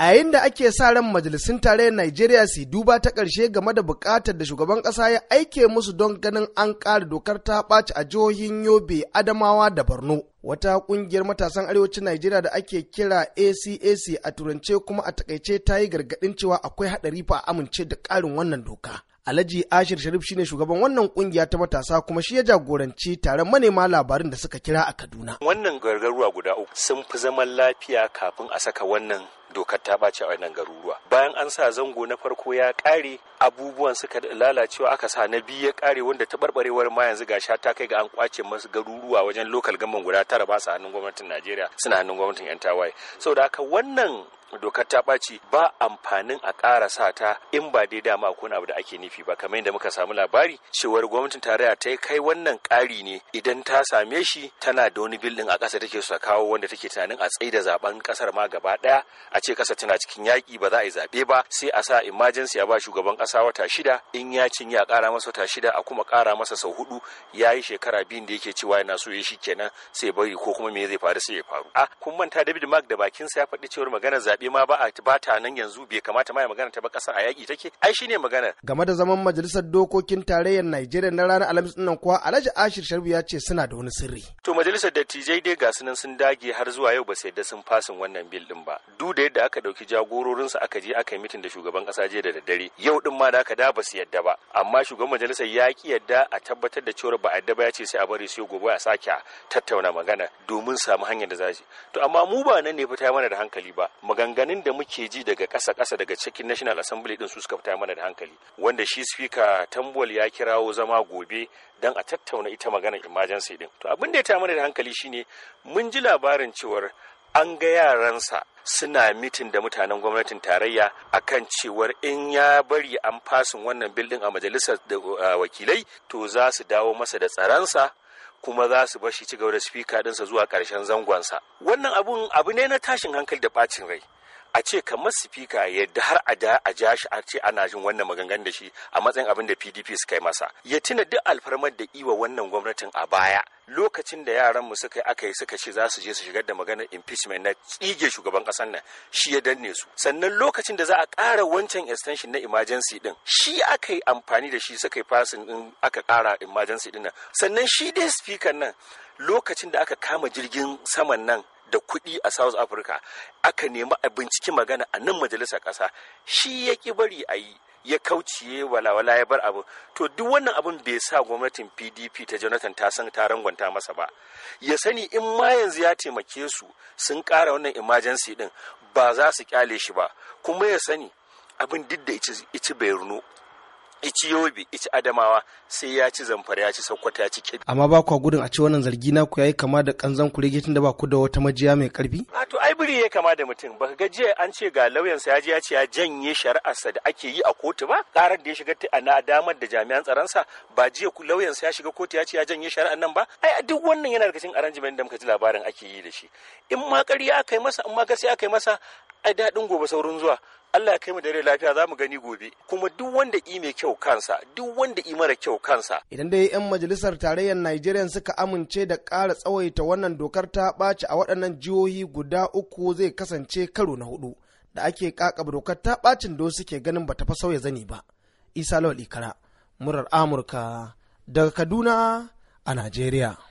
a yayin da ake sa ran majalisun tarayyar Najeriya su duba ta ƙarshe game da buƙatar da shugaban ƙasa ya aike musu don ganin an ƙara dokar ta ɓaci a jihohin Yobe, Adamawa da Borno. Wata ƙungiyar matasan arewacin Najeriya da ake kira ACAC a turance kuma a takaice ta yi gargaɗin cewa akwai haɗari fa amince da ƙarin wannan doka. Alhaji Ashir Sharif shine shugaban wannan kungiya ta matasa kuma shi ya jagoranci taron manema labarin da suka kira a Kaduna. Wannan gargaruwa guda uku sun fi zaman lafiya kafin a saka wannan dokar ta bace a wannan garuruwa. Bayan an sa zango na farko ya ƙare abubuwan suka lalacewa aka sa na biyu ya kare wanda ta barbarewar ma yanzu ga sha ta kai ga an kwace masu garuruwa wajen lokal gaman guda tara ba su hannun gwamnatin Najeriya suna hannun gwamnatin 'yan Sau da haka wannan dokar ta ɓaci ba amfanin a ƙara sa ta in ba dai dama kuna abu da ake nufi ba kamar yadda muka samu labari cewar gwamnatin tarayya ta kai wannan ƙari ne idan ta same shi tana da wani bildin a ƙasa take su kawo wanda take tunanin a tsaye da zaben ƙasar ma gaba ɗaya a ce ƙasa tana cikin yaƙi ba za a yi zaɓe ba sai a sa emergency a ba shugaban ƙasa wata shida in ya cinye a ƙara masa wata shida a kuma ƙara masa sau hudu ya yi shekara biyun da yake cewa yana so ya shi kenan sai bari ko kuma me zai faru sai ya faru a kun manta David Mark da bakinsa ya faɗi cewar maganar zaɓe zaɓe ma ba a ba ta nan yanzu bai kamata ma ya magana ta ba ƙasar a yaƙi take ai shine magana game da zaman majalisar dokokin tarayyar Najeriya na ranar Alhamis nan kuwa Alhaji Ashir Sharbu ya ce suna da wani sirri to majalisar dattijai dai ga su nan sun dage har zuwa yau ba su yadda sun fasin wannan bil din ba duk da yadda aka dauki jagororin su aka je aka yi mitin da shugaban ƙasa je da daddare yau din ma da aka da ba su yadda ba amma shugaban majalisar ya ki yadda a tabbatar da cewa ba a yadda ba ya ce sai a bari su gobe a sake tattauna magana domin samu hanyar da za to amma mu ba nan ne fita mana da hankali ba magana maganganun da muke ji daga ƙasa ƙasa daga cikin national assembly din su suka fita mana da hankali wanda shi speaker tambol ya kirawo zama gobe dan a tattauna ita maganar emergency din to abin da ya ta mana da hankali shine mun ji labarin cewar an ga yaransa suna mitin da mutanen gwamnatin tarayya akan cewar in ya bari an fasin wannan bildin a majalisar wakilai to za su dawo masa da tsaransa kuma za su shi ci gaba da spika dinsa zuwa ƙarshen zangonsa wannan abun abu ne na tashin hankali da bacin rai a ce kamar sifika yadda har a da ja jashi a ce ana jin wannan maganganun da shi a matsayin abin da pdp suka yi masa ya tuna duk alfarmar da iwa wannan gwamnatin a baya lokacin da yaran mu suka aka yi suka ce za su je su shigar da maganar impeachment na tsige shugaban kasar nan shi ya danne su sannan lokacin da za a ƙara wancan extension na emergency din shi aka yi amfani da shi suka yi passing din aka ƙara emergency din nan sannan shi dai speaker nan lokacin da aka kama jirgin saman nan da kuɗi a south africa aka nemi a binciki magana a nan majalisa ƙasa shi ya ƙi bari a yi ya kauciye walawala ya bar abu to duk wannan abin bai sa gwamnatin pdp ta jonathan ta san ta rangwanta masa ba ya sani in ma yanzu ya taimake su sun ƙara wannan emergency din ba za su kyale shi ba kuma ya sani abin duk da ici bai runo ici yobe ici adamawa sai ya ci zamfara ya ci sokoto ya ci kebbi amma ba ku gudun a ci wannan zargi na ku yayi kama da kanzan ku tun da ba ku da wata majiya mai karfi a to ai buri yayi kama da mutum baka ga jiya an ce ga lauyansa ya ji ya ce ya janye shari'arsa da ake yi a kotu ba karar da ya shiga a na damar da jami'an tsaron sa ba jiya ku lauyansa ya shiga kotu ya ce ya janye shari'ar nan ba ai duk wannan yana daga cikin arrangement da muka ji labarin ake yi da shi in ma ƙarya aka yi masa in ma gaskiya aka yi masa ai daɗin gobe saurin zuwa Allah ya kai mu da lafiya za mu gani gobe kuma duk wanda i mai kyau kansa duk wanda i mara kyau kansa idan dai yan majalisar tarayyar Najeriya suka amince da ƙara tsawaita wannan dokar ta ɓaci a waɗannan jihohi guda uku zai kasance karo na hudu da ake ƙaƙab dokar ta ɓacin da suke ganin bata fa sauya zani ba Isa Lawal Ikara murar Amurka daga Kaduna a Najeriya